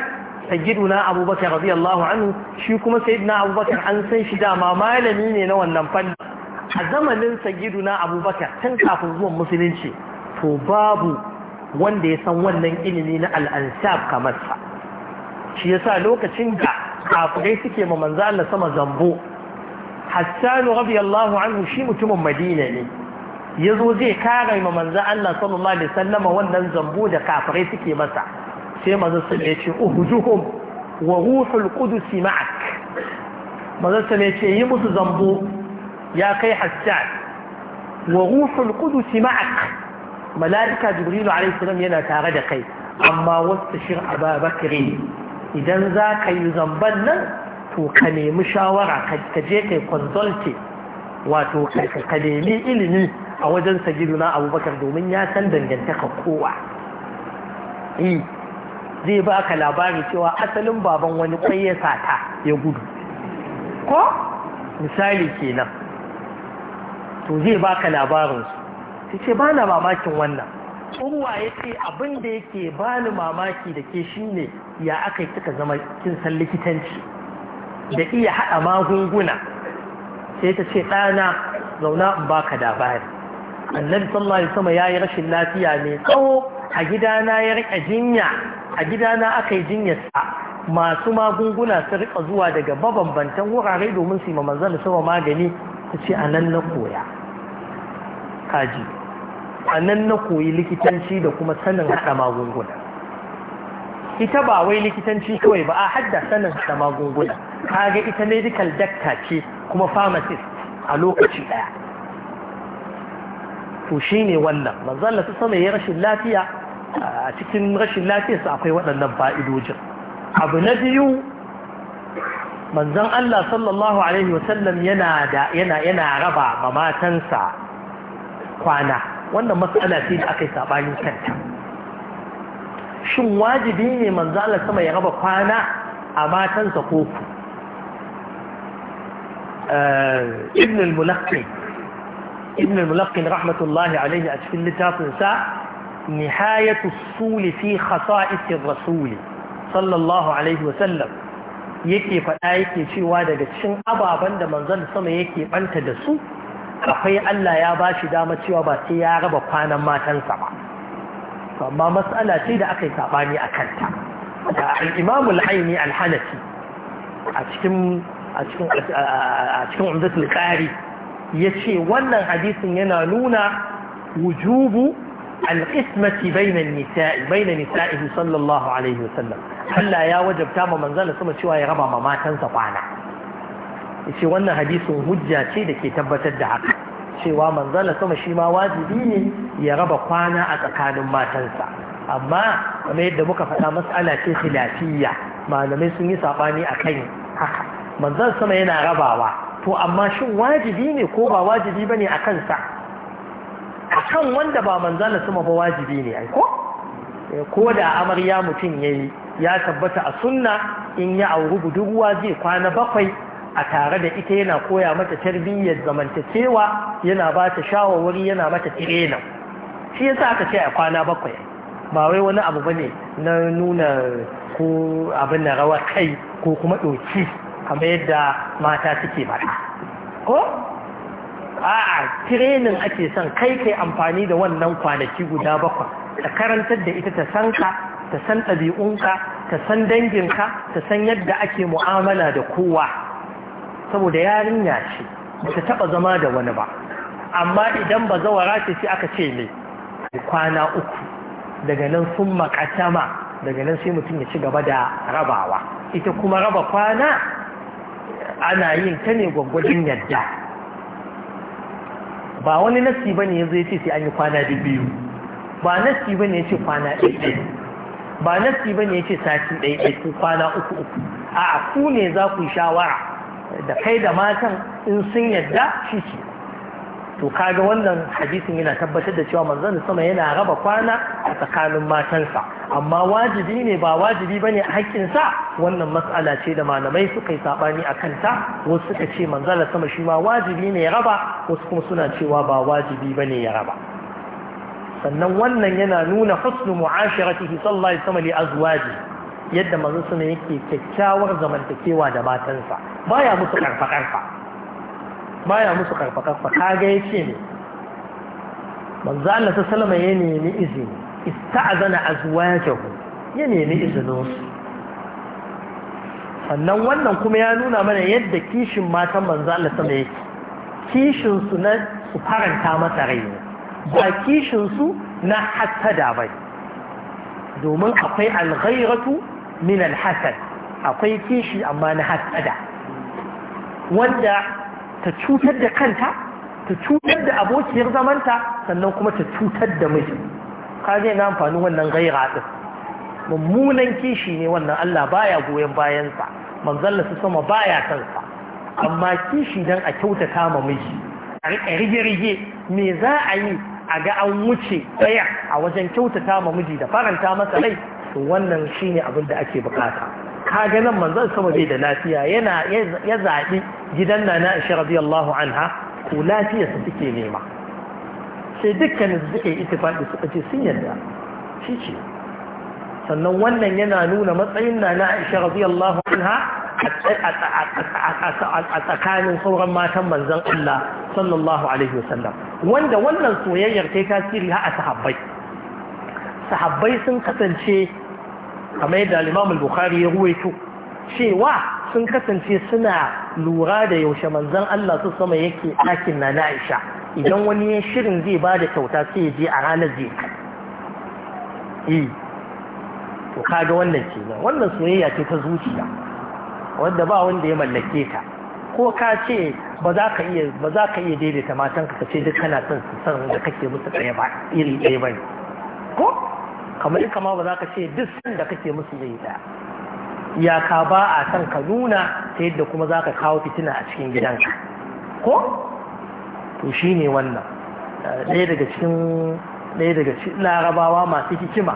na abubakar radiyallahu anhu shi kuma na abubakar an san shi dama malami ne na wannan fanni a zamanin na abubakar tun kafin zuwan musulunci to babu wanda ya san wannan ilimi na al'ansab kamar sa shi ya sa lokacin da kafirai suke ma manzo Allah sama zambo hassanu radiyallahu anhu shi mutumin Madina ne ya zo zai kare ma manzan Allah sallallahu alaihi sallama wannan zambo da kafirai suke masa sai manzan sun ya ce uhujuhum wa ruhul qudusi ma'ak manzan sun ya ce yi musu zambo ya kai hassan wa ruhul qudusi ma'ak mala'ika jibrilu alaihi salam yana tare da kai amma wasu shir ababakare idan za ka yi zamban nan to ka nemi shawara ka je kai consulting wato ka nemi ilimi a wajen sajiduna abubakar domin ya san dangantaka kowa e, zai ba ka labari cewa asalin baban wani kwai ya sata ya gudu ko misali kenan to zai ba ka labarinsu ta ce ba na mamakin wannan tsohuwa ya ce abin da yake ba ni mamaki da ke shi ne ya aka yi kika zama kin san likitanci da iya haɗa magunguna sai ta ce ɗana zauna in ka labari annabi sallallahu alaihi wasallam yayi rashin lafiya ne tsawo a gidana ya rika jinya a gidana aka yi jinyarsa masu magunguna su rika zuwa daga mabambantan wurare domin su yi manzana, sama magani Su ce a nan na koya kaji a na koyi likitanci da kuma sanin haɗa magunguna ita ba wai likitanci kawai ba a hadda sanin hada magunguna kaga ita medical doctor ce kuma pharmacist a lokaci ɗaya to shine wannan manzo ta sama rashin lafiya a cikin rashin lafiyarsa akwai waɗannan fa'idojin abu na biyu manzan Allah sallallahu alaihi wasallam yana yana raba ma matansa kwana wannan matsala ce da aka yi sabanin kanta shin wajibi ne manzan Allah sama ya raba kwana a matansa ko Ibnul eh, ibn al-mulaqqi ibn al-mulaqqin a cikin littafin sa nihayatu suli fi khasa'is rasuli sallallahu alaihi wa sallam yake faɗa yake cewa daga cikin ababen da manzon sama yake banta da su akwai Allah ya bashi shi dama cewa ba sai ya raba kwanan matansa ba amma matsala ce da aka yi saɓani a kanta da al'imamul aini a cikin umdatul ƙari ya ce wannan hadisin yana nuna wujubu al'ismati bainan nisa'ihi sallallahu alaihi wasallam Allah ya wajabta ma manzana sama cewa ya raba ma matansa kwana ya ce wannan hadisin hujja ce da ke tabbatar da haka cewa manzana sama shi ma wajibi ne ya raba kwana a tsakanin matansa amma kamar yadda muka faɗa mas'ala ce khilafiyya malamai sun yi saɓani a kan haka manzan sama yana rabawa to amma shin wajibi ne ko ba wajibi bane a kansa a kan wanda ba manzana suma ba wajibi ne ai ko eh, ko da amarya mutum yayi ya tabbata a sunna in ya auri budurwa zai kwana bakwai a tare da ita yana koya mata tarbiyyar zamantakewa yana ba ta shawarwari yana mata tirena shi yasa aka ce a kwana bakwai ba wai wani abu bane na nuna ko abin na rawa kai ko kuma doki? kamar yadda mata suke faɗa ko a'a tirenin ake son kai kai amfani da wannan kwanaki guda bakwai ta karantar da ita ta san ka ta san ɗabi'unka ta san danginka ta san yadda ake mu'amala da kowa saboda yarinya ce bata ta taɓa zama da wani ba amma idan ba zawara ce sai aka ce ne kwana uku daga nan sun makatama daga nan sai mutum ya ci gaba da rabawa ita kuma raba kwana ana yin ta ne gwaggwajin yadda ba wani nasi ba ne ya zai ce sai an yi kwana da biyu ba nasi ba ne ya ce kwana ɗaiɗai ba nasi ba ne ya ce sati ɗaiɗai ko kwana uku uku a ku ne za ku yi shawara da kai da matan in sun yadda shi ce to kaga wannan hadisin yana tabbatar da cewa manzon sama yana raba kwana a tsakanin matansa amma wajibi ne ba wajibi bane a hakkin sa wannan mas'ala ce da malamai suka yi sabani a kanta wasu suka ce manzon sama shi ma wajibi ne ya raba wasu kuma suna cewa ba wajibi bane ya raba sannan wannan yana nuna husnu mu'asharatihi sallallahu alaihi wasallam li azwaji yadda manzon sama yake kyakkyawar zamantakewa da matansa baya musu karfa karfa baya musu karfa-karfa ga ya ce ne manzo Allah ta salama ya nemi izini ista'zana azwajahu ya nemi izinin su sannan wannan kuma ya nuna mana yadda kishin matan manzo Allah sama yake kishin su na su faranta masa rai ba kishin su na hasada ba domin akwai alghairatu min alhasad akwai kishi amma na hasada wanda ta cutar da kanta ta cutar da abokiyar zamanta sannan kuma ta cutar da miji kaje na amfani wannan gaira din mummunan kishi ne wannan Allah baya goyon bayansa manzalla su sama baya kansa amma kishi dan a kyautata ma miji a rige-rige me za a yi a ga an wuce ɗaya a wajen kyautata ma miji da faranta masa rai to wannan shine abin da ake bukata kaga nan manzon sama bai da lafiya yana ya zaɓi gidan nana Aisha radiyallahu anha ko lafiya su suke nema sai dukkanin su suke ittifaqi suka ce sun yarda shi ce sannan wannan yana nuna matsayin nana Aisha radiyallahu anha a tsakanin sauran matan manzon Allah sallallahu alaihi wasallam wanda wannan soyayyar ta tasiri ha a sahabbai sahabbai sun kasance kamar yadda al-Imam al-Bukhari ya ruwaito cewa sun kasance suna lura da yaushe manzon Allah su sama yake ɗakin na Aisha idan wani ya shirin zai ba da kyauta sai ya je a ranar zai kai eh, to kaga wannan kenan wannan soyayya ce ta zuciya wanda ba wanda ya mallake ka. ko ka ce ba za ka iya ba za ka iya daidaita matanka ka ce duk kana son su san da kake musu ɗaya ba iri ɗaya ba ko kamar ita ma ba za ka ce duk san da kake musu zai da iyaka ba a san ka nuna ta yadda kuma za ka kawo fitina a cikin gidanka ko to shi ne wannan ɗaya daga cikin ɗaya daga cikin larabawa masu hikima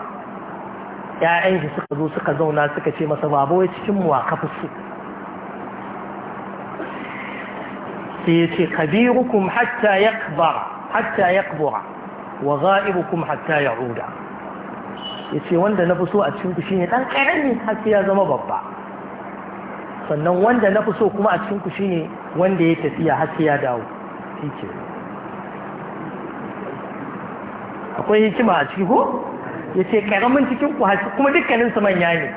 ‘ya'yan shi suka zo suka zauna suka ce masa babu wai cikin mu wa kafi su sai ce kabirukum hatta yakbara hatta yakbura wa za'irukum hatta ya'uda ya ce wanda na fi so a cikin ku shine ɗan ƙarami har ya zama babba sannan wanda na fi so kuma a cikin ku shine wanda ya tafiya har ya dawo shi ce akwai hikima a ciki ko ya ce ƙaramin cikin ku kuma dukkanin su manya ne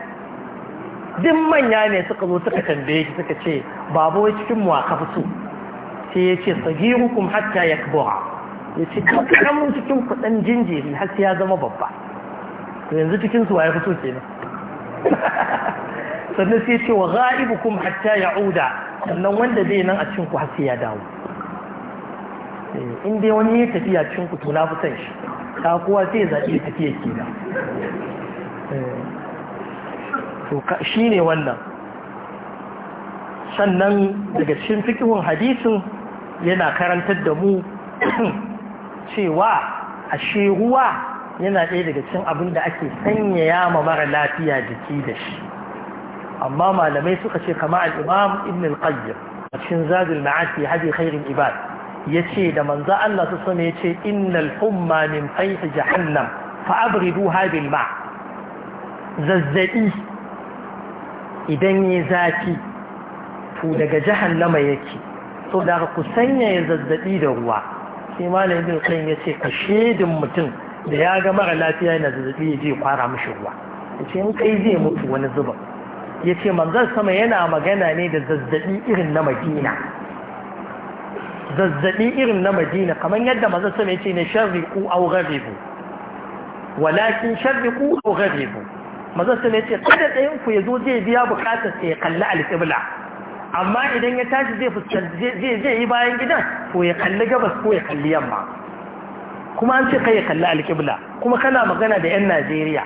duk manya ne suka zo suka tambaye shi suka ce babu wai cikin mu a kafi so sai ya ce sagirukum hatta yakbura ya ce ƙaramin cikin ku jinjiri har ya zama babba to yanzu cikin su waye fito kenan sannan sai ce wa ghaibukum hatta ya'uda sannan wanda zai nan a cikin ku har sai ya dawo eh, in dai wani ya tafi a cikin ku to na fi shi ta kowa sai zaɓi tafiya kenan eh, to shine wannan sannan daga cikin fikihun hadisin yana karantar da mu *clears throat* cewa ashe ruwa yana ɗaya daga cikin abin da ake sanyaya ma mara lafiya jiki da shi amma malamai suka ce kama al ibn al-qayyim a cikin zadul ma'ad fi khairin ibad yace da manza Allah su sani yace innal humma min fayh jahannam fa abriduha bil ma zazzabi idan yi zafi to daga jahannama yake so da ku sanyaya zazzabi da ruwa sai malamin ibn al ya yace ka shedin mutum da ya ga mara lafiya yana zazzabi ya je kwara mashi ruwa ya ce in kai zai mutu wani zuba ya ce manzan sama yana magana ne da zazzabi irin na madina zazzabi irin na madina kamar yadda manzan sama ya ce ne sharriku au gharibu walakin sharriku au gharibu manzan sama ya ce kada ɗayan ku ya zo zai biya bukatar sai ya kalli alƙibla amma idan ya tashi zai fuskanci zai yi bayan gidan ko ya kalli gabas ko ya kalli yamma kuma an ce kai ya kalli alƙibla kuma kana magana da 'yan najeriya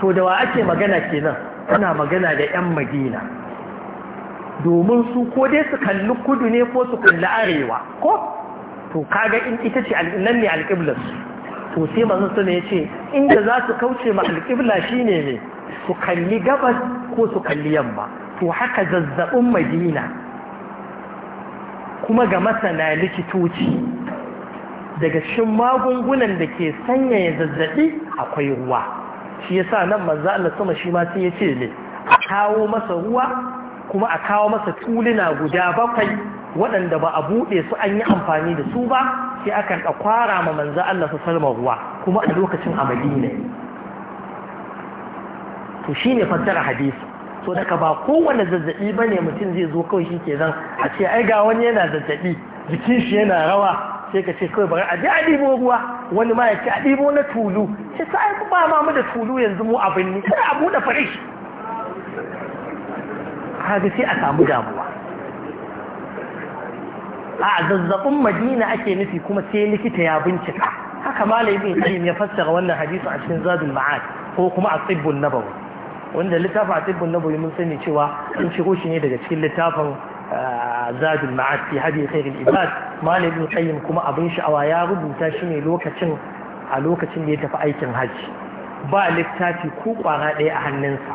to da wa ake magana kenan ana magana da 'yan madina domin su ko dai su kalli kudu ne ko su kalli arewa ko to kaga in ita ce nan ne alƙiblarsu to sai masu suna ya ce inda za su kauce ma alƙibla shine ne su kalli gabas ko su kalli yamma to haka zazzaɓin madina kuma ga masana likitoci daga cikin magungunan da ke sanyaya zazzabi akwai ruwa shi yasa nan manza Allah sama shi ma sai ya ce ne a kawo masa ruwa kuma a kawo masa tuluna guda bakwai waɗanda ba a buɗe su an yi amfani da su ba sai akan kwara ma manza Allah su salma ruwa kuma a lokacin amali ne to shi ne fassara hadisi to daga ba kowane zazzabi bane mutum zai zo kawai shi ke zan a ce ai ga wani yana zazzabi jikin shi yana rawa sai ka ce kawai bari a je a ruwa wani ma ya ce a na tulu sai ta ba mu da tulu yanzu mu abin ne sai a buɗe farish Haka sai a samu damuwa a zazzabin madina ake nufi kuma sai likita ya bincika haka malai bin ya fassara wannan hadisi a cikin zadul ma'ad ko kuma a tibbun nabawi wanda littafin a tibbun nabawi mun sani cewa an ciro shi ne daga cikin littafin zadul ma'ad fi hadi khairul ibad malam ibn kuma abin sha'awa ya rubuta shi ne lokacin a lokacin da ya tafi aikin hajji ba littafi ko kwara ɗaya a hannunsa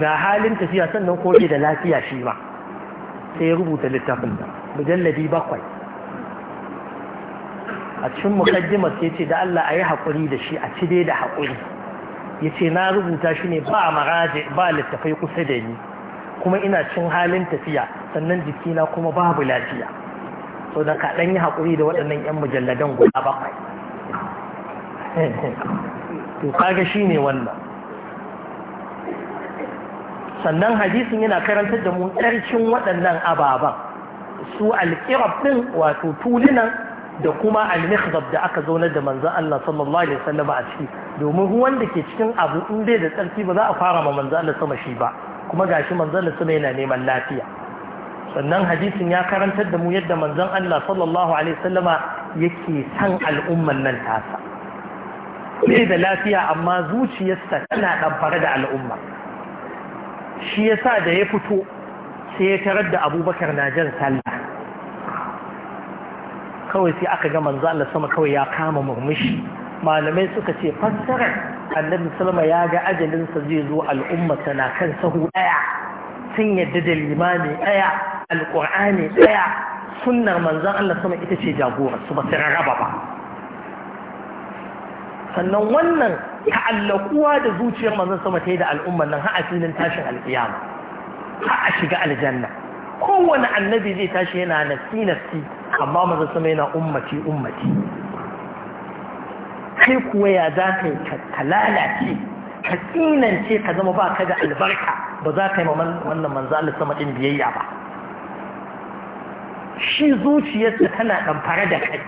ga halin tafiya sannan ko da lafiya shi ma sai ya rubuta littafin da mujalladi bakwai a cikin mukaddimar sai ce da Allah ayi hakuri haƙuri da shi a ci dai da hakuri yace na rubuta shi ne ba maraje ba littafai kusa da ni kuma ina cin halin tafiya sannan jikina kuma babu lafiya so da ka ɗan yi haƙuri da waɗannan 'yan mujalladan guda bakwai *laughs* to kaga shi ne wannan sannan hadisin yana karantar da mu ƙarcin waɗannan ababen su alƙirab ɗin wato tulunan da kuma almihzab da aka zaunar da manzan Allah sallallahu alaihi wasallam a ciki domin ruwan da ke cikin abu in bai da tsarki ba za a fara ma manzan Allah sama shi ba kuma gashi manzon suna yana neman lafiya sannan hadisin ya karantar da mu yadda manzon Allah sallallahu alaihi wasallama yake san al'umman nan tasa bai da lafiya amma zuciyarsa tana ɗamfare da al'umma shi yasa da ya fito sai ya tarar da abubakar na jan sallah kawai sai aka ga manzo Allah sama kawai ya kama murmushi malamai suka ce fassarar annabi salama ya ga ajalinsa zai zo al'ummata na kan sahu ɗaya sun yadda da limami ɗaya alƙur'ani ɗaya sunnar manzan Allah sama ita ce jagora su ba su raba ba sannan wannan ta'allakuwa da zuciyar manzan sama ta yi da al'ummar nan ha a filin tashin alƙiyama ha a shiga aljanna kowane annabi zai tashi yana nafsi nafsi amma manzan sama yana ummati ummati kai kuwa ya za ka yi lalace ka tsinance ka zama ba ka da albarka ba za ka yi wannan manzalin sama ɗin biyayya ba shi zuciyarsa tana ɗamfare da kai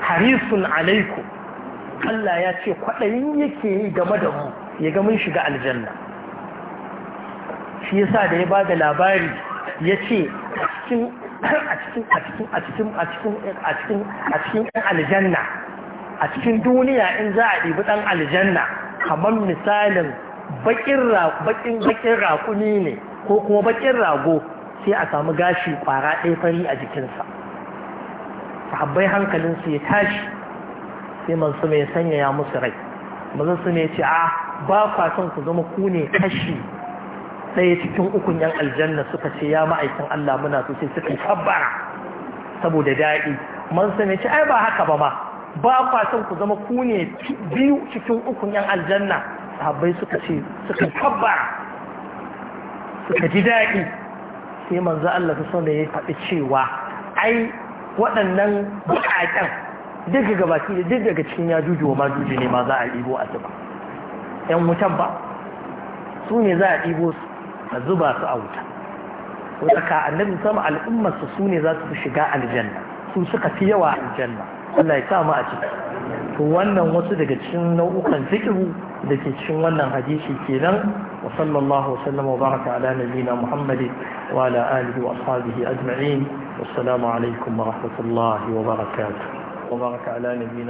harisun alaiku Allah ya ce kwaɗayin yake yi game da mu ya ga mun shiga aljanna shi yasa da ya ba da labari ya ce a cikin aljanna a cikin duniya in za a ɗibi ɗan aljanna kamar misalin bakin baƙin rakuni ne ko kuma bakin rago sai a samu gashi ƙwara ɗaya fari a jikinsa sahabbai su ya tashi sai masu mai ya musu rai mansu ya ce a ah, ba kwa son ku zama ku ne kashi ɗaya cikin ukun yan aljanna suka ce ya ma'aikin Allah muna so sai suka tabbara saboda daɗi man sani ce ai ba haka ba ma ba kwa son ku zama ku ne biyu cikin ukun yan aljanna sahabbai suka ce suka tabbara suka ji daɗi sai manzo Allah ta sanar ya faɗi cewa ai waɗannan buƙaƙen duk daga baki duk daga cikin ya juju wa juji ne ma za a ɗibo a zuba ƴan wutan ba su ne za a ɗibo su a zuba su a wuta wadaka annabi sama al'ummarsa su ne za su shiga aljanna su suka fi yawa aljanna Allah ya sa a ciki to wannan wasu daga cikin nau'ukan zikiru da ke cikin wannan hadisi kenan wa sallallahu wasallam wa baraka ala nabiyina muhammad wa ala alihi wa ashabihi ajma'in wassalamu alaikum wa rahmatullahi wa barakatuh wa baraka ala nabiyina